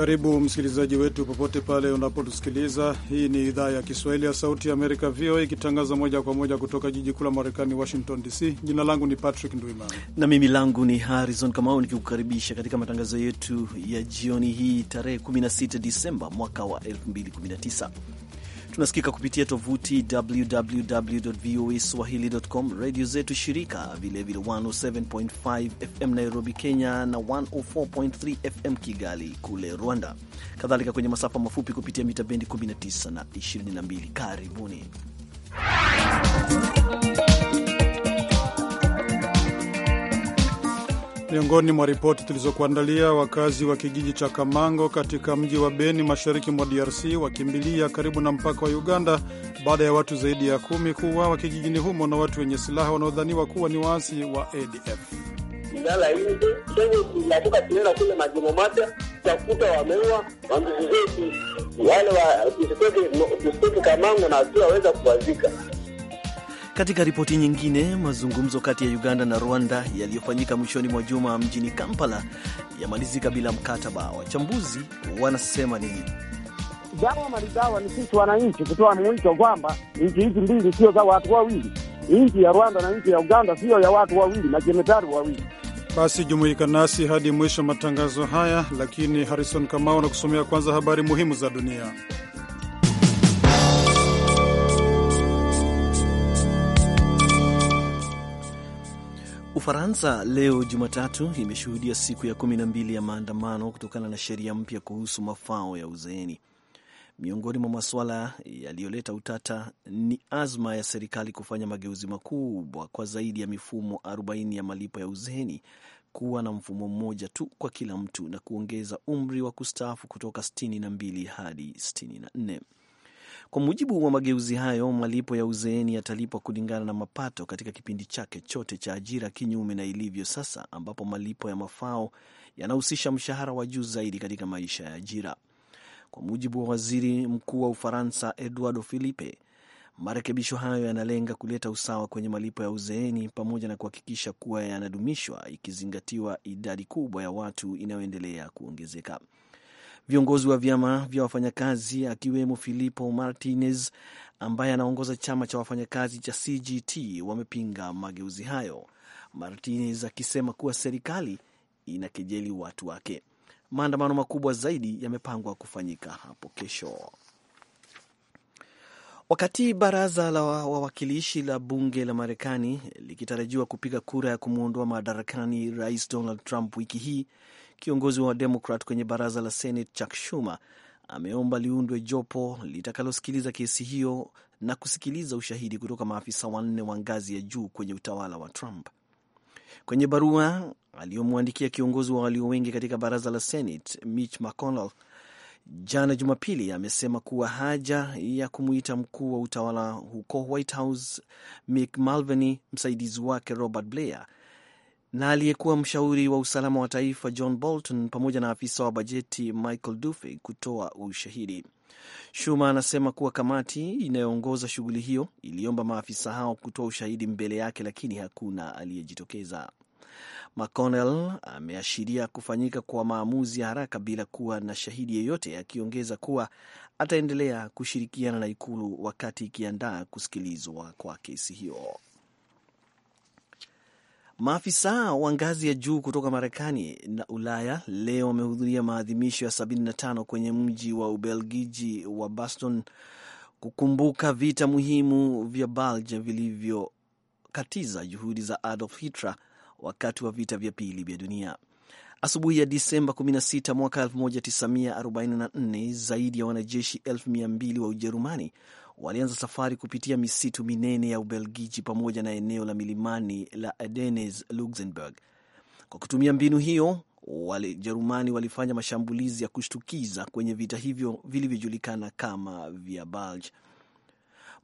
Karibu msikilizaji wetu popote pale unapotusikiliza. Hii ni idhaa ya Kiswahili ya Sauti ya Amerika, VOA, ikitangaza moja kwa moja kutoka jiji kuu la Marekani, Washington DC. Jina langu ni Patrick Ndwimana na mimi langu ni Harrison Kamau, nikikukaribisha katika matangazo yetu ya jioni hii tarehe 16 Disemba mwaka wa 2019. Tunasikika kupitia tovuti www.voaswahili.com, redio zetu shirika, vilevile 107.5 FM Nairobi, Kenya na 104.3 FM Kigali kule Rwanda, kadhalika kwenye masafa mafupi kupitia mita bendi 19 na 22. Karibuni Miongoni mwa ripoti tulizokuandalia, wakazi wa kijiji cha Kamango katika mji wa Beni mashariki mwa DRC wakimbilia karibu na mpaka wa Uganda baada ya watu zaidi ya kumi kuuawa kijijini humo na watu wenye silaha wanaodhaniwa kuwa ni waasi wa ADF. Kamango na kuwazika katika ripoti nyingine, mazungumzo kati ya Uganda na Rwanda yaliyofanyika mwishoni mwa juma mjini Kampala yamalizika bila mkataba. Wachambuzi wanasema nini? Jambo maridhawa ni sisi wananchi kutoa mwito kwamba nchi hizi mbili sio za watu wawili. Nchi ya Rwanda na nchi ya Uganda siyo ya watu wawili, na majemadari wawili. Basi jumuika nasi hadi mwisho matangazo haya, lakini Harrison Kamau anakusomea kwanza habari muhimu za dunia. Ufaransa leo Jumatatu imeshuhudia siku ya kumi na mbili ya maandamano kutokana na sheria mpya kuhusu mafao ya uzeeni. Miongoni mwa masuala yaliyoleta utata ni azma ya serikali kufanya mageuzi makubwa kwa zaidi ya mifumo 40 ya malipo ya uzeeni kuwa na mfumo mmoja tu kwa kila mtu na kuongeza umri wa kustaafu kutoka 62 hadi 64. Kwa mujibu wa mageuzi hayo, malipo ya uzeeni yatalipwa kulingana na mapato katika kipindi chake chote cha ajira, kinyume na ilivyo sasa ambapo malipo ya mafao yanahusisha mshahara wa juu zaidi katika maisha ya ajira. Kwa mujibu wa waziri mkuu wa Ufaransa Eduardo Philippe, marekebisho hayo yanalenga kuleta usawa kwenye malipo ya uzeeni pamoja na kuhakikisha kuwa yanadumishwa, ikizingatiwa idadi kubwa ya watu inayoendelea kuongezeka. Viongozi wa vyama vya wafanyakazi akiwemo Filipo Martinez ambaye anaongoza chama cha wafanyakazi cha CGT wamepinga mageuzi hayo, Martinez akisema kuwa serikali inakejeli watu wake. Maandamano makubwa zaidi yamepangwa kufanyika hapo kesho. Wakati baraza la wawakilishi la bunge la Marekani likitarajiwa kupiga kura ya kumwondoa madarakani rais Donald Trump wiki hii, Kiongozi wa Demokrat kwenye baraza la Senate Chuck Schumer ameomba liundwe jopo litakalosikiliza kesi hiyo na kusikiliza ushahidi kutoka maafisa wanne wa ngazi ya juu kwenye utawala wa Trump. Kwenye barua aliyomwandikia kiongozi wa walio wengi katika baraza la Senate Mitch McConnell jana Jumapili, amesema kuwa haja ya kumuita mkuu wa utawala huko White House Mick Mulvaney, msaidizi wake Robert Blair na aliyekuwa mshauri wa usalama wa taifa John Bolton pamoja na afisa wa bajeti Michael dufe kutoa ushahidi. Shuma anasema kuwa kamati inayoongoza shughuli hiyo iliomba maafisa hao kutoa ushahidi mbele yake, lakini hakuna aliyejitokeza. McConnell ameashiria kufanyika kwa maamuzi ya haraka bila kuwa na shahidi yeyote, akiongeza kuwa ataendelea kushirikiana na ikulu wakati ikiandaa kusikilizwa kwa kesi hiyo. Maafisa wa ngazi ya juu kutoka Marekani na Ulaya leo wamehudhuria maadhimisho ya 75 kwenye mji wa Ubelgiji wa Baston kukumbuka vita muhimu vya Bulge vilivyokatiza juhudi za Adolf Hitler wakati wa vita vya pili vya dunia. Asubuhi ya Disemba 16 mwaka 1944, zaidi ya wanajeshi 2 wa Ujerumani walianza safari kupitia misitu minene ya Ubelgiji pamoja na eneo la milimani la Ardennes Luxembourg. Kwa kutumia mbinu hiyo, Wajerumani walifanya mashambulizi ya kushtukiza kwenye vita hivyo vilivyojulikana kama vya Bulge.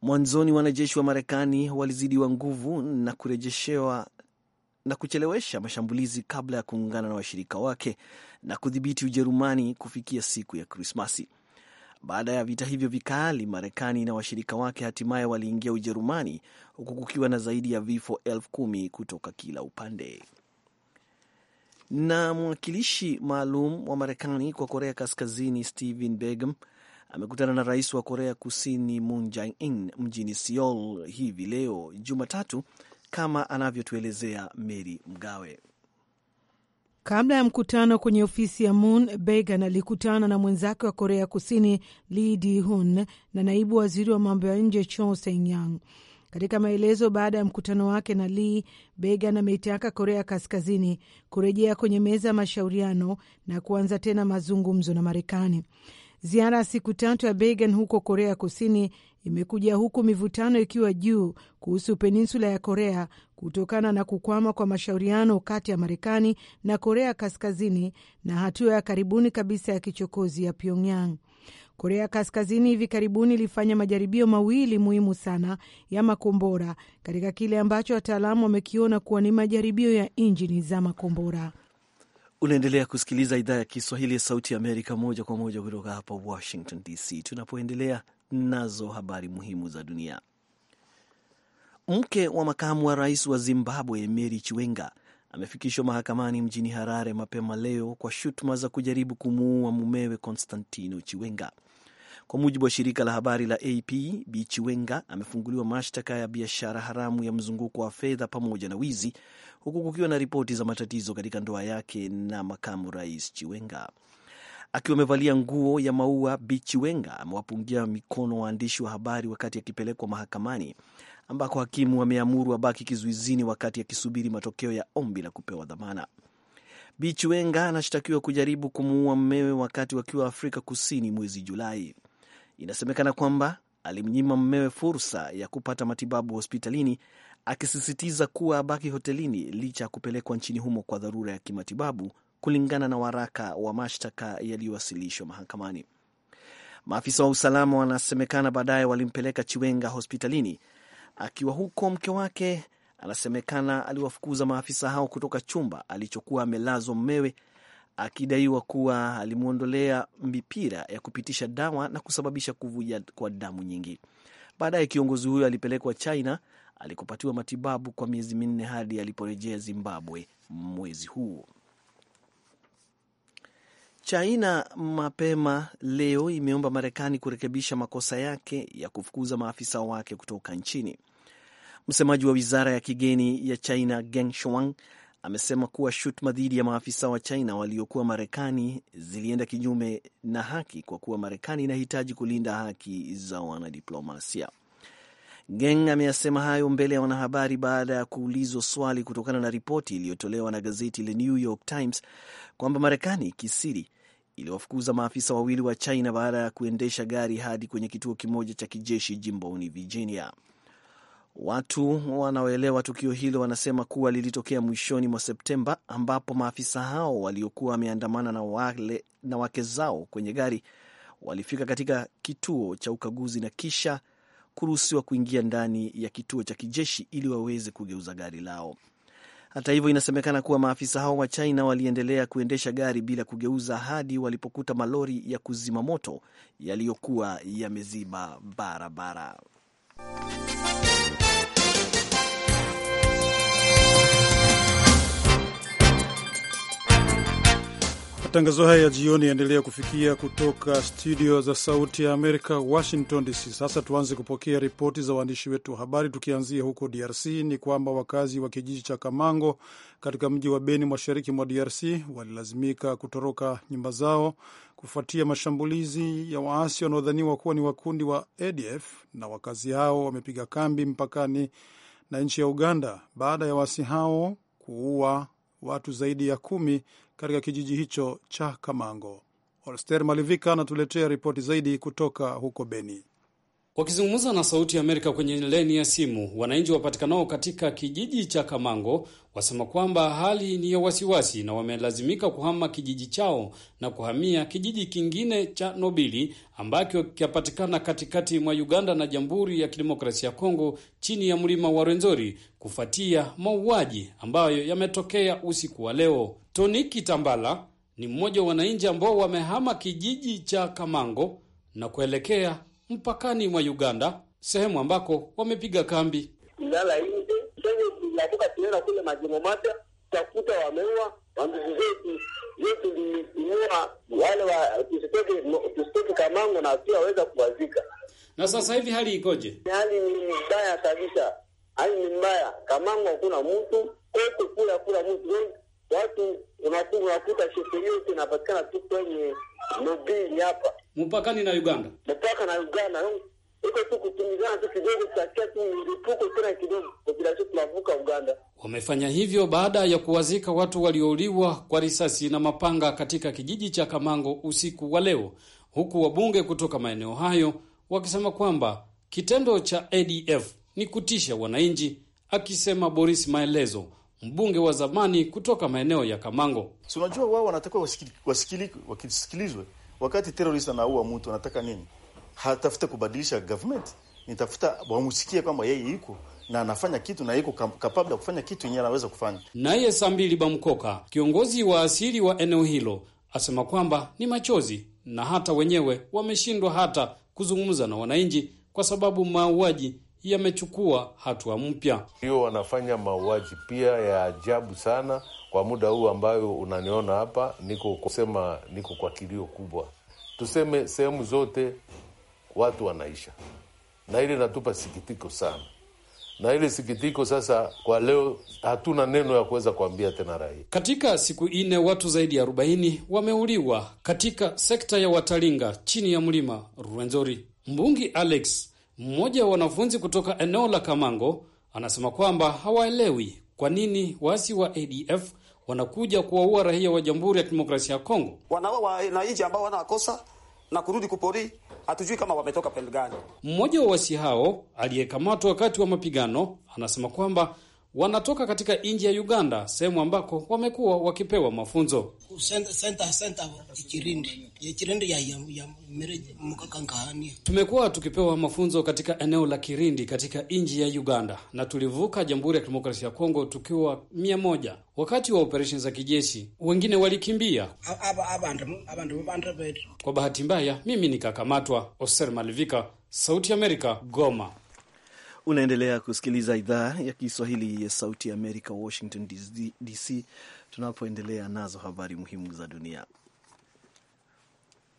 Mwanzoni wanajeshi wa Marekani walizidiwa nguvu na kurejeshewa na kuchelewesha mashambulizi kabla ya kuungana na washirika wake na kudhibiti Ujerumani kufikia siku ya Krismasi. Baada ya vita hivyo vikali, Marekani na washirika wake hatimaye waliingia Ujerumani, huku kukiwa na zaidi ya vifo elfu kumi kutoka kila upande. Na mwakilishi maalum wa Marekani kwa Korea Kaskazini Stephen Begum amekutana na rais wa Korea Kusini Moon Jae-in mjini Seoul hivi leo Jumatatu, kama anavyotuelezea Mary Mgawe. Kabla ya mkutano kwenye ofisi ya Moon, Began alikutana na mwenzake wa Korea Kusini Lee Dihun na naibu waziri wa mambo ya nje Cho senyang Katika maelezo baada ya mkutano wake na Lee, Began ameitaka Korea Kaskazini kurejea kwenye meza ya mashauriano na kuanza tena mazungumzo na Marekani. Ziara ya siku tatu ya began huko Korea Kusini imekuja huku mivutano ikiwa juu kuhusu peninsula ya Korea kutokana na kukwama kwa mashauriano kati ya Marekani na Korea Kaskazini na hatua ya karibuni kabisa ya kichokozi ya Pyongyang. Korea Kaskazini hivi karibuni ilifanya majaribio mawili muhimu sana ya makombora katika kile ambacho wataalamu wamekiona kuwa ni majaribio ya injini za makombora. Unaendelea kusikiliza idhaa ya Kiswahili ya Sauti ya Amerika moja kwa moja kutoka hapa Washington DC, tunapoendelea nazo habari muhimu za dunia. Mke wa makamu wa rais wa Zimbabwe Meri Chiwenga amefikishwa mahakamani mjini Harare mapema leo kwa shutuma za kujaribu kumuua mumewe Constantino Chiwenga. Kwa mujibu wa shirika la habari la AP, Bi Chiwenga amefunguliwa mashtaka ya biashara haramu ya mzunguko wa fedha pamoja na wizi, huku kukiwa na ripoti za matatizo katika ndoa yake na makamu rais Chiwenga. Akiwa amevalia nguo ya maua, Bi Chiwenga amewapungia mikono waandishi wa habari wakati akipelekwa mahakamani ambako hakimu ameamuru abaki kizuizini wakati akisubiri matokeo ya ombi la kupewa dhamana. Bi Chiwenga anashtakiwa kujaribu kumuua mmewe wakati wakiwa Afrika Kusini mwezi Julai. Inasemekana kwamba alimnyima mmewe fursa ya kupata matibabu hospitalini, akisisitiza kuwa abaki hotelini licha ya kupelekwa nchini humo kwa dharura ya kimatibabu, kulingana na waraka wa mashtaka yaliyowasilishwa mahakamani. Maafisa wa usalama wanasemekana baadaye walimpeleka Chiwenga hospitalini. Akiwa huko, mke wake anasemekana aliwafukuza maafisa hao kutoka chumba alichokuwa amelazwa mmewe akidaiwa kuwa alimwondolea mipira ya kupitisha dawa na kusababisha kuvuja kwa damu nyingi. Baadaye kiongozi huyo alipelekwa China alikopatiwa matibabu kwa miezi minne hadi aliporejea Zimbabwe mwezi huu. China mapema leo imeomba Marekani kurekebisha makosa yake ya kufukuza maafisa wake kutoka nchini. Msemaji wa wizara ya kigeni ya China Geng Shuang amesema kuwa shutuma dhidi ya maafisa wa China waliokuwa Marekani zilienda kinyume na haki kwa kuwa Marekani inahitaji kulinda haki za wanadiplomasia. Geng ameyasema hayo mbele ya wanahabari baada ya kuulizwa swali kutokana na ripoti iliyotolewa na gazeti la New York Times kwamba Marekani kisiri iliwafukuza maafisa wawili wa China baada ya kuendesha gari hadi kwenye kituo kimoja cha kijeshi jimboni Virginia. Watu wanaoelewa tukio hilo wanasema kuwa lilitokea mwishoni mwa Septemba, ambapo maafisa hao waliokuwa wameandamana na wale na wake zao kwenye gari walifika katika kituo cha ukaguzi na kisha kuruhusiwa kuingia ndani ya kituo cha kijeshi ili waweze kugeuza gari lao. Hata hivyo, inasemekana kuwa maafisa hao wa China waliendelea kuendesha gari bila kugeuza hadi walipokuta malori ya kuzima moto yaliyokuwa yameziba barabara. Matangazo haya ya jioni yaendelea kufikia kutoka studio za Sauti ya Amerika, Washington DC. Sasa tuanze kupokea ripoti za waandishi wetu wa habari, tukianzia huko DRC. Ni kwamba wakazi wa kijiji cha Kamango katika mji wa Beni, mashariki mwa DRC, walilazimika kutoroka nyumba zao kufuatia mashambulizi ya waasi wanaodhaniwa kuwa ni wakundi wa ADF, na wakazi hao wamepiga kambi mpakani na nchi ya Uganda baada ya waasi hao kuua watu zaidi ya kumi katika kijiji hicho cha Kamango. Olster Malivika anatuletea ripoti zaidi kutoka huko Beni. Wakizungumza na Sauti ya Amerika kwenye leni ya simu, wananchi wapatikanao katika kijiji cha Kamango wasema kwamba hali ni ya wasiwasi na wamelazimika kuhama kijiji chao na kuhamia kijiji kingine cha Nobili ambacho kinapatikana katikati mwa Uganda na Jamhuri ya Kidemokrasia ya Kongo chini ya mlima wa Rwenzori kufuatia mauaji ambayo yametokea usiku wa leo. Tony Kitambala ni mmoja wa wananchi ambao wamehama kijiji cha Kamango na kuelekea mpakani mwa Uganda, sehemu ambako wamepiga kambi. Nilala tunaenda kule majengo mapya, takuta wameua wandugu zetu viliua wale wa tusitoke Kamango na asiwaweza kuwazika. Na sasa hivi hali ikoje? Hali ni mbaya kabisa, hali ni mbaya. Kamango hakuna mtu kote, kula kula mtu watu unakuta security inapatikana tu kwenye Lubili hapa mpakani na Uganda, mpaka na Uganda um, iko tu kutumizana tu kidogo, tutasikia tu milipuko tena kidogo, bila sisi tunavuka Uganda. Wamefanya hivyo baada ya kuwazika watu waliouliwa kwa risasi na mapanga katika kijiji cha Kamango usiku wa leo, huku wabunge kutoka maeneo hayo wakisema kwamba kitendo cha ADF ni kutisha wananchi, akisema Boris Maelezo, mbunge wa zamani kutoka maeneo ya Kamango. Si unajua wao wanatakiwa wasikilizwe, wasikili, wakati terorist anaua mtu anataka nini? Hatafute kubadilisha government, nitafuta wamsikie kwamba yeye iko na anafanya kitu na iko kapabla ya kufanya kitu yenyewe anaweza kufanya. Naye Sambili Bamkoka, kiongozi wa asili wa eneo hilo, asema kwamba ni machozi na hata wenyewe wameshindwa hata kuzungumza na wananchi kwa sababu mauaji yamechukua hatua mpya. Hiyo wanafanya mauaji pia ya ajabu sana. Kwa muda huu ambayo unaniona hapa, niko kusema, niko kwa kilio kubwa, tuseme sehemu zote watu wanaisha, na ile natupa sikitiko sana, na ile sikitiko sasa, kwa leo hatuna neno ya kuweza kuambia tena raia. Katika siku nne watu zaidi ya 40 wameuliwa katika sekta ya Watalinga chini ya mlima Rwenzori. Mbungi Alex mmoja wa wanafunzi kutoka eneo la Kamango anasema kwamba hawaelewi kwa nini waasi wa ADF wanakuja kuwaua raia wa Jamhuri ya Kidemokrasia ya Kongo, Wanawa wananchi ambao wanakosa na kurudi kupori. Hatujui kama wametoka pembe gani. Mmoja wa wasi hao aliyekamatwa wakati wa mapigano anasema kwamba wanatoka katika nchi ya Uganda, sehemu ambako wamekuwa wakipewa mafunzo tumekuwa tukipewa mafunzo katika eneo la Kirindi katika nchi ya Uganda, na tulivuka Jamhuri ya Kidemokrasia ya Kongo tukiwa mia moja wakati wa operesheni za kijeshi. Wengine walikimbia. Kwa bahati mbaya, mimi nikakamatwa. Oser Malivika, Sauti ya Amerika, Goma. Unaendelea kusikiliza idhaa ya Kiswahili ya Sauti ya Amerika, Washington DC, tunapoendelea nazo habari muhimu za dunia.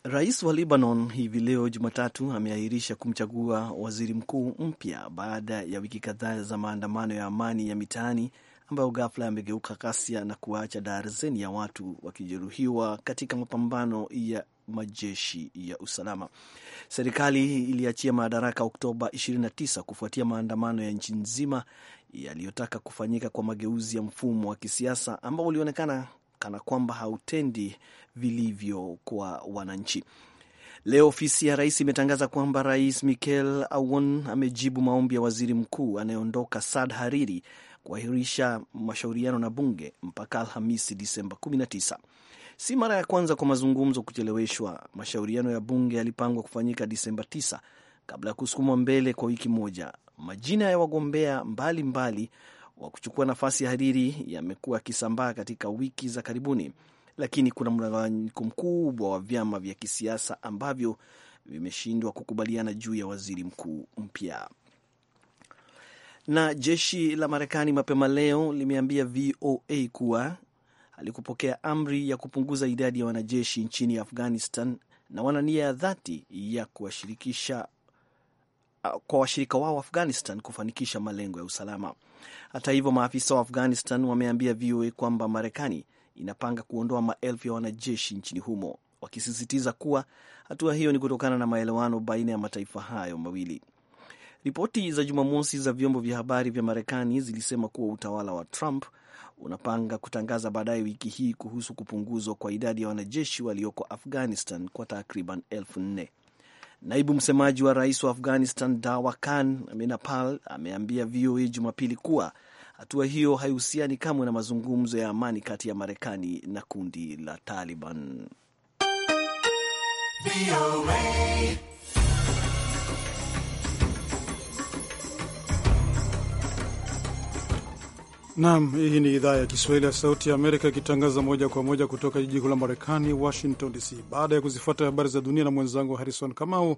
Rais wa Lebanon hivi leo Jumatatu ameahirisha kumchagua waziri mkuu mpya baada ya wiki kadhaa za maandamano ya amani ya mitaani ambayo ghafla yamegeuka ghasia na kuwaacha darzeni ya watu wakijeruhiwa katika mapambano ya majeshi ya usalama. Serikali iliachia madaraka Oktoba 29 kufuatia maandamano ya nchi nzima yaliyotaka kufanyika kwa mageuzi ya mfumo wa kisiasa ambao ulionekana kana kwamba hautendi vilivyo kwa wananchi. Leo ofisi ya rais imetangaza kwamba Rais Michel Aoun amejibu maombi ya waziri mkuu anayeondoka Saad Hariri kuahirisha mashauriano na bunge mpaka Alhamisi, Disemba 19. Si mara ya kwanza kwa mazungumzo kucheleweshwa. Mashauriano ya bunge yalipangwa kufanyika Disemba 9 kabla ya kusukumwa mbele kwa wiki moja. Majina ya wagombea mbalimbali wa kuchukua nafasi ya Hariri yamekuwa yakisambaa katika wiki za karibuni, lakini kuna mgawanyiko mkubwa wa vyama vya kisiasa ambavyo vimeshindwa kukubaliana juu ya waziri mkuu mpya. Na jeshi la Marekani mapema leo limeambia VOA kuwa alikupokea amri ya kupunguza idadi ya wanajeshi nchini Afghanistan na wana nia ya dhati ya kuwashirikisha uh, kwa washirika wao Afghanistan kufanikisha malengo ya usalama. Hata hivyo, maafisa wa Afghanistan wameambia VOA kwamba Marekani inapanga kuondoa maelfu ya wanajeshi nchini humo, wakisisitiza kuwa hatua hiyo ni kutokana na maelewano baina ya mataifa hayo mawili. Ripoti za Jumamosi za vyombo vya habari vya Marekani zilisema kuwa utawala wa Trump unapanga kutangaza baadaye wiki hii kuhusu kupunguzwa kwa idadi ya wanajeshi walioko Afghanistan kwa takriban elfu nne. Naibu msemaji wa rais wa Afghanistan Dawa Khan Minapal ameambia VOA Jumapili kuwa hatua hiyo haihusiani kamwe na mazungumzo ya amani kati ya Marekani na kundi la Taliban. Naam, hii ni idhaa ya Kiswahili ya Sauti ya Amerika ikitangaza moja kwa moja kutoka jiji kuu la Marekani, Washington DC. Baada ya kuzifuata habari za dunia na mwenzangu Harrison Kamau,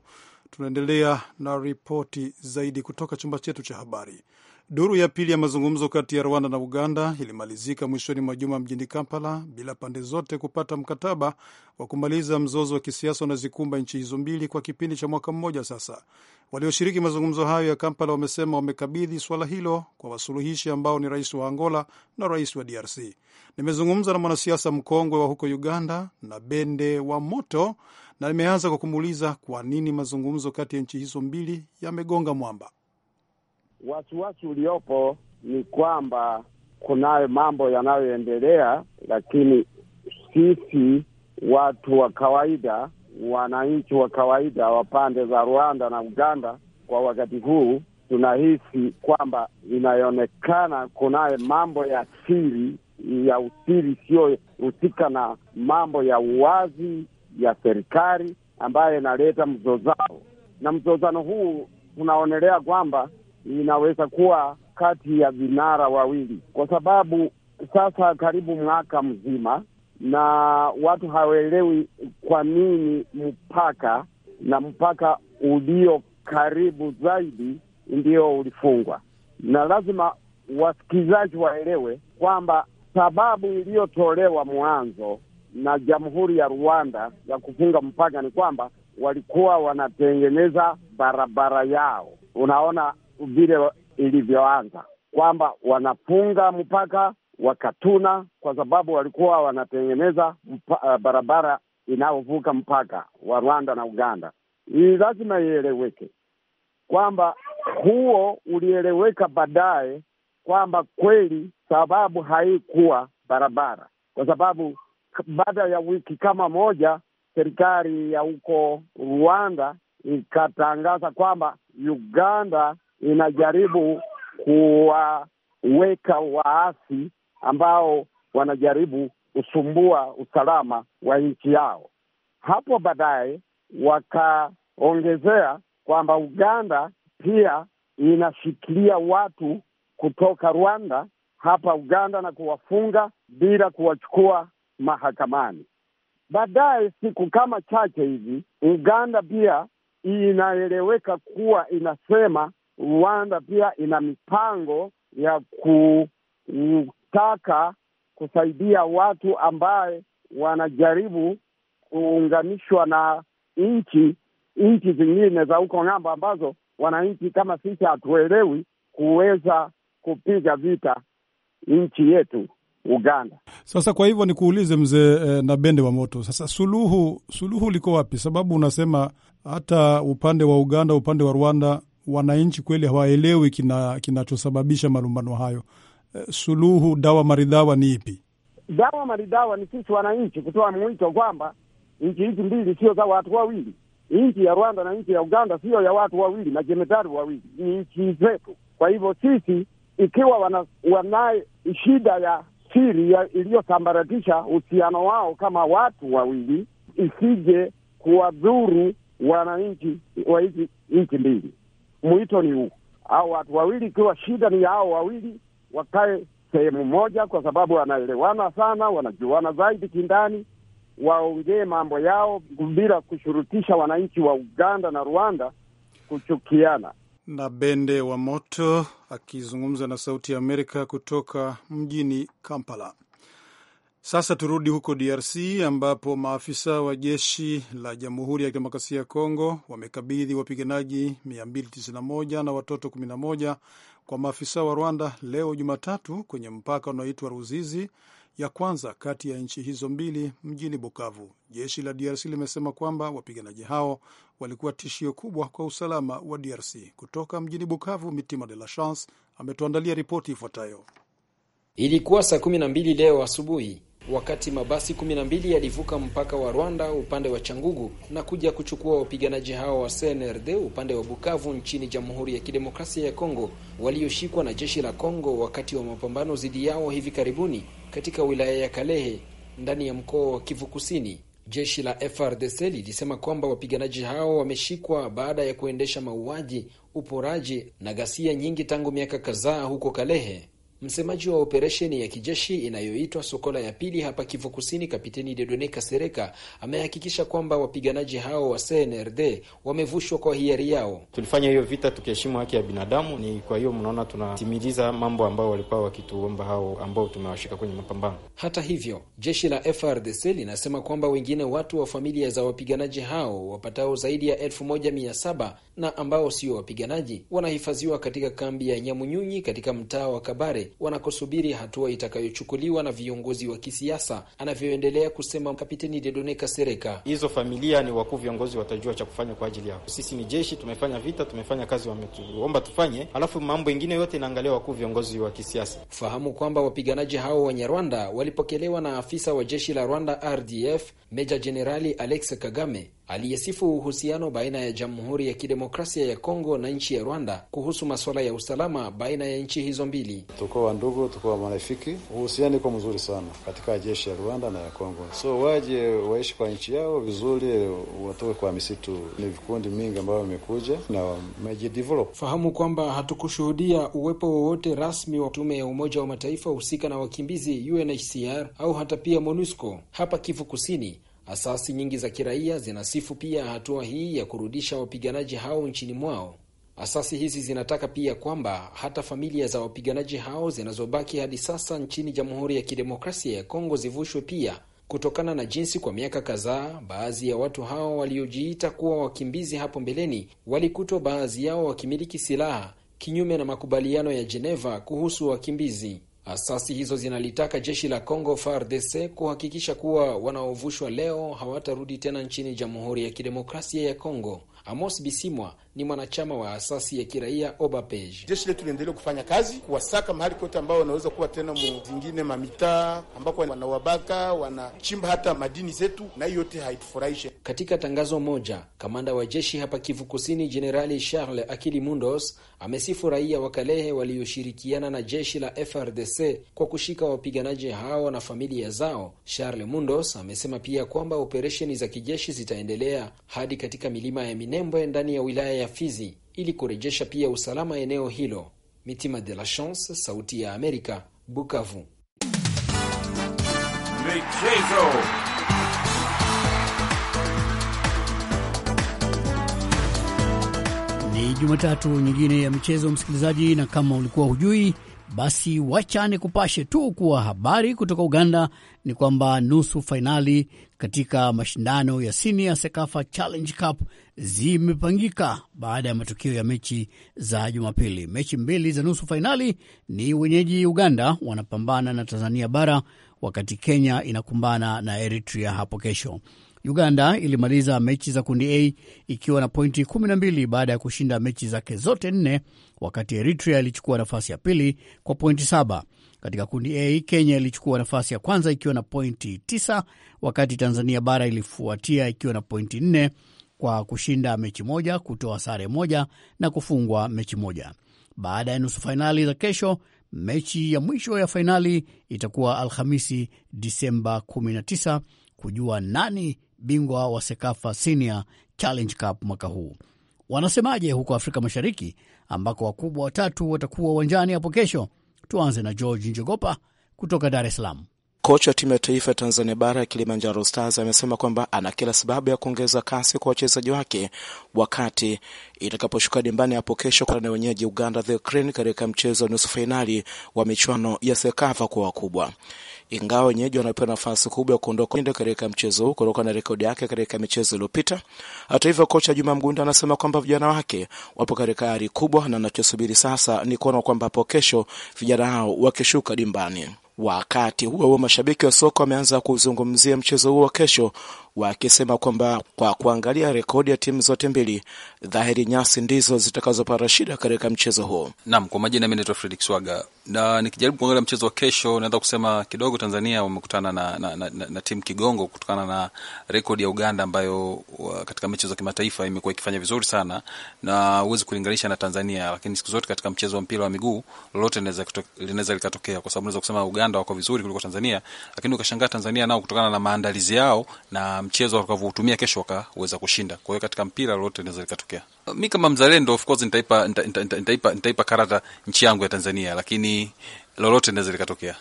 tunaendelea na ripoti zaidi kutoka chumba chetu cha habari. Duru ya pili ya mazungumzo kati ya Rwanda na Uganda ilimalizika mwishoni mwa juma mjini Kampala bila pande zote kupata mkataba wa kumaliza mzozo wa kisiasa unazikumba nchi hizo mbili kwa kipindi cha mwaka mmoja sasa. Walioshiriki mazungumzo hayo ya Kampala wamesema wamekabidhi suala hilo kwa wasuluhishi ambao ni rais wa Angola na rais wa DRC. Nimezungumza na mwanasiasa mkongwe wa huko Uganda na Bende wa Moto na nimeanza kwa kumuuliza kwa nini mazungumzo kati ya nchi hizo mbili yamegonga mwamba wasiwasi uliopo ni kwamba kunayo mambo yanayoendelea, lakini sisi watu wa kawaida, wananchi wa kawaida wa pande za Rwanda na Uganda kwa wakati huu tunahisi kwamba inayoonekana kunaye mambo ya siri ya usiri isiyohusika na mambo ya uwazi ya serikali ambayo inaleta mzozano, na mzozano huu tunaonelea kwamba inaweza kuwa kati ya vinara wawili, kwa sababu sasa karibu mwaka mzima na watu hawaelewi kwa nini mpaka na mpaka ulio karibu zaidi ndio ulifungwa, na lazima wasikilizaji waelewe kwamba sababu iliyotolewa mwanzo na Jamhuri ya Rwanda ya kufunga mpaka ni kwamba walikuwa wanatengeneza barabara yao. Unaona, vile ilivyoanza kwamba wanafunga mpaka wakatuna, kwa sababu walikuwa wanatengeneza mpa, uh, barabara inayovuka mpaka wa Rwanda na Uganda. Hii lazima ieleweke kwamba huo ulieleweka baadaye kwamba kweli sababu haikuwa barabara, kwa sababu baada ya wiki kama moja serikali ya huko Rwanda ikatangaza kwamba Uganda inajaribu kuwaweka waasi ambao wanajaribu kusumbua usalama wa nchi yao. Hapo baadaye wakaongezea kwamba Uganda pia inashikilia watu kutoka Rwanda hapa Uganda na kuwafunga bila kuwachukua mahakamani. Baadaye siku kama chache hivi, Uganda pia inaeleweka kuwa inasema Rwanda pia ina mipango ya kutaka kusaidia watu ambaye wanajaribu kuunganishwa na nchi nchi zingine za huko ng'ambo, ambazo wananchi kama sisi hatuelewi kuweza kupiga vita nchi yetu Uganda. Sasa kwa hivyo nikuulize mzee eh, na bende wa moto, sasa suluhu suluhu liko wapi? Sababu unasema hata upande wa Uganda, upande wa Rwanda wananchi kweli hawaelewi kinachosababisha kina malumbano hayo. Eh, suluhu, dawa maridhawa ni ipi? Dawa maridhawa ni sisi wananchi kutoa mwito kwamba nchi hizi mbili sio za watu wawili. Nchi ya Rwanda na nchi ya Uganda sio ya watu wawili, majemadari wawili, ni nchi zetu. Kwa hivyo sisi, ikiwa wana, shida ya siri iliyosambaratisha uhusiano wao kama watu wawili, isije kuwadhuru wananchi wa hizi nchi mbili mwito ni huu, au watu wawili, ikiwa shida ni hao wawili, wakae sehemu moja, kwa sababu wanaelewana sana, wanajuana zaidi kindani, waongee mambo yao bila kushurutisha wananchi wa Uganda na Rwanda kuchukiana. Na Bende wa Moto akizungumza na Sauti ya Amerika kutoka mjini Kampala. Sasa turudi huko DRC ambapo maafisa wa jeshi la Jamhuri ya Kidemokrasia ya Kongo wamekabidhi wapiganaji 291 na watoto 11 kwa maafisa wa Rwanda leo Jumatatu kwenye mpaka unaoitwa Ruzizi ya kwanza kati ya nchi hizo mbili mjini Bukavu. Jeshi la DRC limesema kwamba wapiganaji hao walikuwa tishio kubwa kwa usalama wa DRC. Kutoka mjini Bukavu, Mitima de la Chance ametuandalia ripoti ifuatayo. Ilikuwa saa 12 leo asubuhi Wakati mabasi 12 yalivuka mpaka wa Rwanda upande wa Changugu na kuja kuchukua wapiganaji hao wa CNRD upande wa Bukavu nchini Jamhuri ya Kidemokrasia ya Kongo walioshikwa na jeshi la Kongo wakati wa mapambano dhidi yao hivi karibuni katika wilaya ya Kalehe ndani ya mkoa wa Kivu Kusini. Jeshi la FRDC lilisema kwamba wapiganaji hao wameshikwa baada ya kuendesha mauaji, uporaji na ghasia nyingi tangu miaka kadhaa huko Kalehe. Msemaji wa operesheni ya kijeshi inayoitwa Sokola ya pili hapa Kivu Kusini, Kapiteni Dedone Kasereka amehakikisha kwamba wapiganaji hao wa CNRD wamevushwa kwa hiari yao. Tulifanya hiyo vita tukiheshimu haki ya binadamu, ni kwa hiyo mnaona tunatimiliza mambo ambao walikuwa wakituomba hao ambao tumewashika kwenye mapambano. Hata hivyo, jeshi la FRDC linasema kwamba wengine watu wa familia za wapiganaji hao wapatao zaidi ya elfu moja mia saba na ambao sio wapiganaji wanahifadhiwa katika kambi ya Nyamunyunyi katika mtaa wa Kabare wanakosubiri hatua itakayochukuliwa na viongozi wa kisiasa, anavyoendelea kusema Kapiteni Dedone Kasereka. Hizo familia ni wakuu, viongozi watajua cha kufanya kwa ajili yao. Sisi ni jeshi, tumefanya vita, tumefanya kazi wametuomba tufanye, alafu mambo ingine yote inaangalia wakuu, viongozi wa kisiasa. Fahamu kwamba wapiganaji hao wenye Rwanda walipokelewa na afisa wa jeshi la Rwanda RDF Meja Jenerali Alex Kagame aliyesifu uhusiano baina ya Jamhuri ya Kidemokrasia ya Kongo na nchi ya Rwanda kuhusu masuala ya usalama baina ya nchi hizo mbili. Tuko wa ndugu, tuko wa marafiki, uhusiano iko mzuri sana katika jeshi ya Rwanda na ya Kongo. So waje waishi kwa nchi yao vizuri, watoke kwa misitu. Ni vikundi mingi ambayo vimekuja na wamejidevelop. Fahamu kwamba hatukushuhudia uwepo wowote rasmi wa tume ya Umoja wa Mataifa husika na wakimbizi UNHCR au hata pia MONUSCO hapa Kivu Kusini Asasi nyingi za kiraia zinasifu pia hatua hii ya kurudisha wapiganaji hao nchini mwao. Asasi hizi zinataka pia kwamba hata familia za wapiganaji hao zinazobaki hadi sasa nchini Jamhuri ya Kidemokrasia ya Kongo zivushwe pia, kutokana na jinsi kwa miaka kadhaa baadhi ya watu hao waliojiita kuwa wakimbizi hapo mbeleni walikutwa baadhi yao wakimiliki silaha kinyume na makubaliano ya jeneva kuhusu wakimbizi. Asasi hizo zinalitaka jeshi la Congo FARDC kuhakikisha kuwa wanaovushwa leo hawatarudi tena nchini Jamhuri ya Kidemokrasia ya Congo. Amos Bisimwa ni mwanachama wa asasi ya kiraia Obapej. Jeshi letu liendelee kufanya kazi kuwasaka mahali kote ambao wanaweza kuwa tena mzingine mamitaa ambako wanawabaka wanachimba hata madini zetu, na hiyo yote haitufurahishe. Katika tangazo moja, kamanda wa jeshi hapa Kivu Kusini Jenerali Charles Akili Mundos amesifu raia wa Kalehe walioshirikiana na jeshi la FRDC FARDC kwa kushika wapiganaji hao na familia zao. Charles Mundos amesema pia kwamba operesheni za kijeshi zitaendelea hadi katika milima ya Minembwe ndani ya wilaya ya Fizi ili kurejesha pia usalama eneo hilo. Mitima de la Chance, Sauti ya Amerika, Bukavu. Michezo. Ni Jumatatu nyingine ya michezo, msikilizaji, na kama ulikuwa hujui, basi wacha kupashe tu kuwa habari kutoka Uganda ni kwamba nusu fainali katika mashindano ya Senior Sekafa Challenge Cup zimepangika baada ya matukio ya mechi za Jumapili. Mechi mbili za nusu fainali ni wenyeji Uganda wanapambana na Tanzania bara, wakati Kenya inakumbana na Eritrea hapo kesho. Uganda ilimaliza mechi za kundi A ikiwa na pointi 12 baada ya kushinda mechi zake zote nne, wakati Eritrea ilichukua nafasi ya pili kwa pointi saba. Katika kundi A, Kenya ilichukua nafasi ya kwanza ikiwa na pointi 9, wakati Tanzania bara ilifuatia ikiwa na pointi 4 kwa kushinda mechi moja, kutoa sare moja na kufungwa mechi moja. Baada ya nusu fainali za kesho, mechi ya mwisho ya fainali itakuwa Alhamisi Disemba 19 kujua nani bingwa wa Sekafa Senior Challenge Cup mwaka huu. Wanasemaje huko Afrika Mashariki ambako wakubwa watatu watakuwa uwanjani hapo kesho? Tuanze na George Njogopa kutoka Dar es Salaam. Kocha wa timu ya taifa ya Tanzania bara ya Kilimanjaro Stars amesema kwamba ana kila sababu ya kuongeza kasi kwa wachezaji wake wakati itakaposhuka dimbani hapo kesho kwa na wenyeji Uganda the Crane katika mchezo wa nusu fainali wa michuano ya Sekafa kwa wakubwa ingawa wenyeji wanapewa nafasi kubwa ya kuondoka katika mchezo huu kutokana na rekodi yake katika michezo iliyopita. Hata hivyo, kocha Juma Mgunda anasema kwamba vijana wake wapo katika hari kubwa, na anachosubiri sasa ni kuona kwamba hapo kesho vijana hao wakishuka dimbani. Wakati huo huo, mashabiki wa soka wameanza kuzungumzia mchezo huo wa kesho wakisema kwamba kwa kuangalia rekodi ya timu zote mbili, dhahiri nyasi ndizo zitakazopata shida katika mchezo huo. Naam, kwa majina mimi naitwa Fredrick Swaga, na nikijaribu kuangalia mchezo wa kesho, naweza kusema kidogo Tanzania wamekutana na, na, na, na, na timu kigongo kutokana na rekodi ya Uganda ambayo uh, katika mechi za kimataifa imekuwa ikifanya vizuri sana, na huwezi kulinganisha na Tanzania, lakini siku zote katika mchezo wa mpira wa miguu lolote linaweza likatokea, kwa sababu unaweza kusema Uganda wako vizuri kuliko Tanzania, lakini ukashangaa Tanzania nao kutokana na maandalizi yao na mchezo watakavyotumia kesho wakaweza kushinda. Kwa hiyo katika mpira lolote linaweza likatokea. Mi kama mzalendo, of course nitaipa nitaipa nitaipa karata nchi yangu ya Tanzania, lakini lolote linaweza likatokea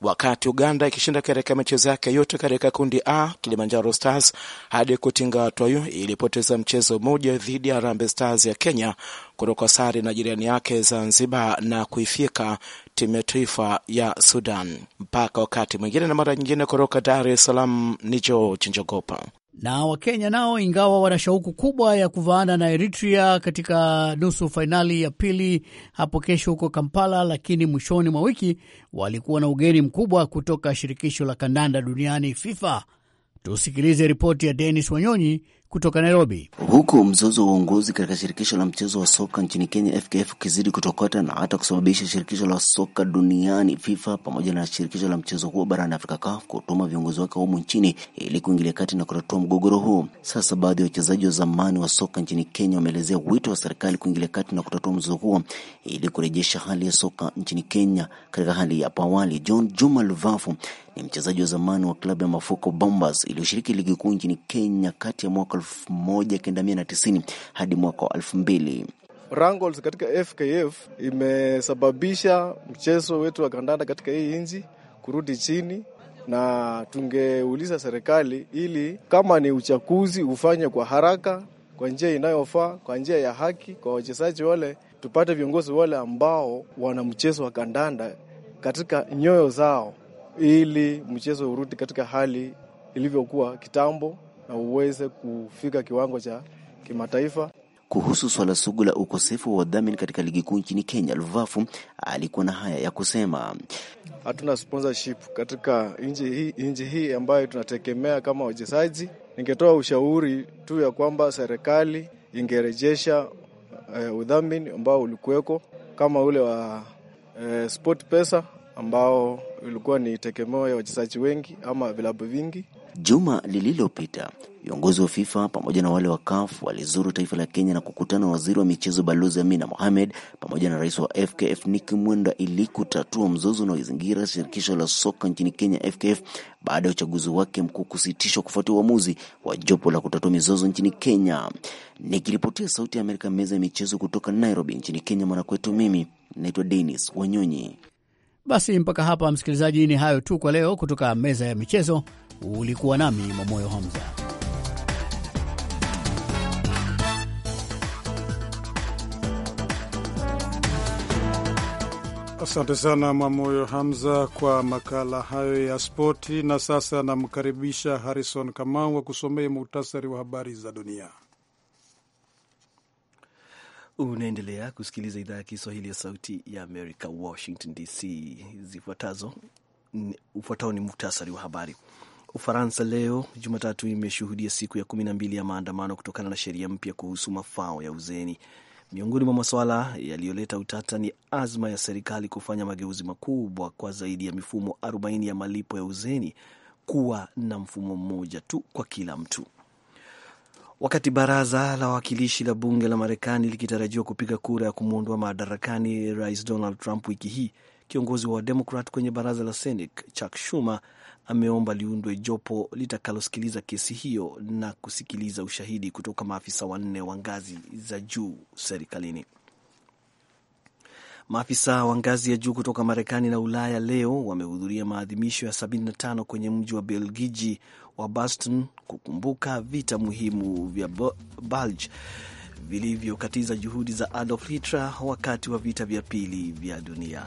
wakati Uganda ikishinda katika michezo yake yote katika kundi A. Kilimanjaro Stars hadi kutinga hatua hiyo ilipoteza mchezo mmoja dhidi ya Harambee Stars ya Kenya kutoka sare na jirani yake Zanzibar na kuifika timu ya taifa ya Sudan. Mpaka wakati mwingine na mara nyingine, kutoka Dar es Salaam ni George Njogopa. Na Wakenya nao ingawa wana shauku kubwa ya kuvaana na Eritrea katika nusu fainali ya pili hapo kesho huko Kampala, lakini mwishoni mwa wiki walikuwa na ugeni mkubwa kutoka shirikisho la kandanda duniani FIFA. Tusikilize ripoti ya Denis Wanyonyi kutoka Nairobi. Huku mzozo wa uongozi katika shirikisho la mchezo wa soka nchini Kenya FKF ukizidi kutokota na hata kusababisha shirikisho la soka duniani FIFA pamoja na shirikisho la mchezo huo barani Afrika CAF kutuma viongozi wake humu nchini ili kuingilia kati na kutatua mgogoro huu. Sasa baadhi ya wachezaji wa zamani wa soka nchini Kenya wameelezea wito wa serikali kuingilia kati na kutatua mzozo huo ili kurejesha hali ya soka nchini Kenya katika hali ya hapo awali. John Juma Luvafu ni mchezaji wa zamani wa klabu ya Mafuko Bombers iliyoshiriki ligi kuu nchini Kenya kati ya mwaka 1990 hadi mwaka wa 2000. mbili. katika FKF imesababisha mchezo wetu wa kandanda katika hii nchi kurudi chini, na tungeuliza serikali ili kama ni uchaguzi ufanye kwa haraka, kwa njia inayofaa, kwa njia ya haki, kwa wachezaji wale, tupate viongozi wale ambao wana mchezo wa kandanda katika nyoyo zao, ili mchezo urudi katika hali ilivyokuwa kitambo na uweze kufika kiwango cha kimataifa. Kuhusu swala sugu la ukosefu wa wadhamini katika ligi kuu nchini Kenya, Luvafu alikuwa na haya ya kusema: hatuna sponsorship katika nchi hii, nchi hii ambayo tunategemea kama wachezaji. Ningetoa ushauri tu ya kwamba serikali ingerejesha eh, udhamini ambao ulikuweko kama ule wa eh, Sport Pesa ambao ulikuwa ni tegemeo ya wachezaji wengi ama vilabu vingi. Juma lililopita viongozi wa FIFA pamoja na wale wa CAF walizuru taifa la Kenya na kukutana na waziri wa michezo Balozi Amina Mohamed pamoja na rais wa FKF Nick Mwenda ili kutatua mzozo unaoizingira shirikisho la soka nchini Kenya FKF baada ya uchaguzi wake mkuu kusitishwa kufuatia uamuzi wa jopo la kutatua mizozo nchini Kenya. Nikiripotia Sauti ya Amerika, meza ya michezo kutoka Nairobi nchini Kenya, mwanakwetu, mimi naitwa denis Wanyonyi. Basi mpaka hapa msikilizaji, ni hayo tu kwa leo kutoka meza ya michezo. Ulikuwa nami Mamoyo Hamza. Asante sana Mwamoyo Hamza kwa makala hayo ya spoti. Na sasa namkaribisha Harrison Kamau wa kusomea muhtasari wa habari za dunia. Unaendelea kusikiliza idhaa ya Kiswahili ya Sauti ya Amerika, Washington DC. Zifuatazo ufuatao ni muhtasari wa habari. Ufaransa leo Jumatatu imeshuhudia siku ya kumi na mbili ya maandamano kutokana na sheria mpya kuhusu mafao ya uzeeni. Miongoni mwa masuala yaliyoleta utata ni azma ya serikali kufanya mageuzi makubwa kwa zaidi ya mifumo 40 ya malipo ya uzeeni kuwa na mfumo mmoja tu kwa kila mtu. Wakati baraza la wawakilishi la bunge la Marekani likitarajiwa kupiga kura ya kumwondoa madarakani rais Donald Trump wiki hii, Kiongozi wa Wademokrat kwenye baraza la Senate Chuck Schumer ameomba liundwe jopo litakalosikiliza kesi hiyo na kusikiliza ushahidi kutoka maafisa wanne wa ngazi za juu serikalini. Maafisa wa ngazi ya juu kutoka Marekani na Ulaya leo wamehudhuria maadhimisho ya 75 kwenye mji wa Belgiji wa Baston kukumbuka vita muhimu vya Bulge vilivyokatiza juhudi za Adolf Hitler wakati wa vita vya pili vya dunia.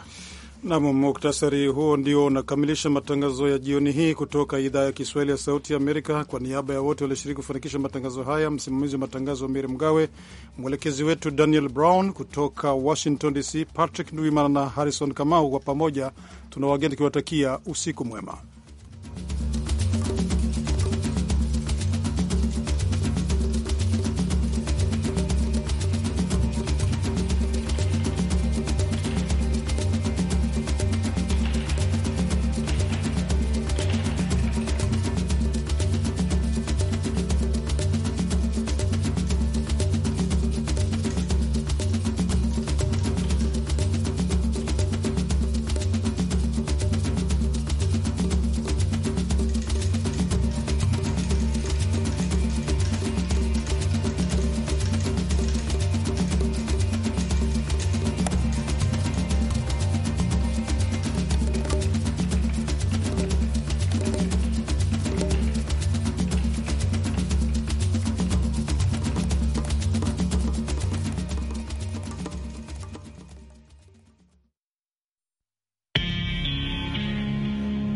Nam, muktasari huo ndio unakamilisha matangazo ya jioni hii kutoka idhaa ya Kiswahili ya Sauti ya Amerika. Kwa niaba ya wote walioshiriki kufanikisha matangazo haya, msimamizi wa matangazo Meri Mgawe, mwelekezi wetu Daniel Brown kutoka Washington DC, Patrick Ndwimana na Harrison Kamau, kwa pamoja tuna wageni tukiwatakia usiku mwema.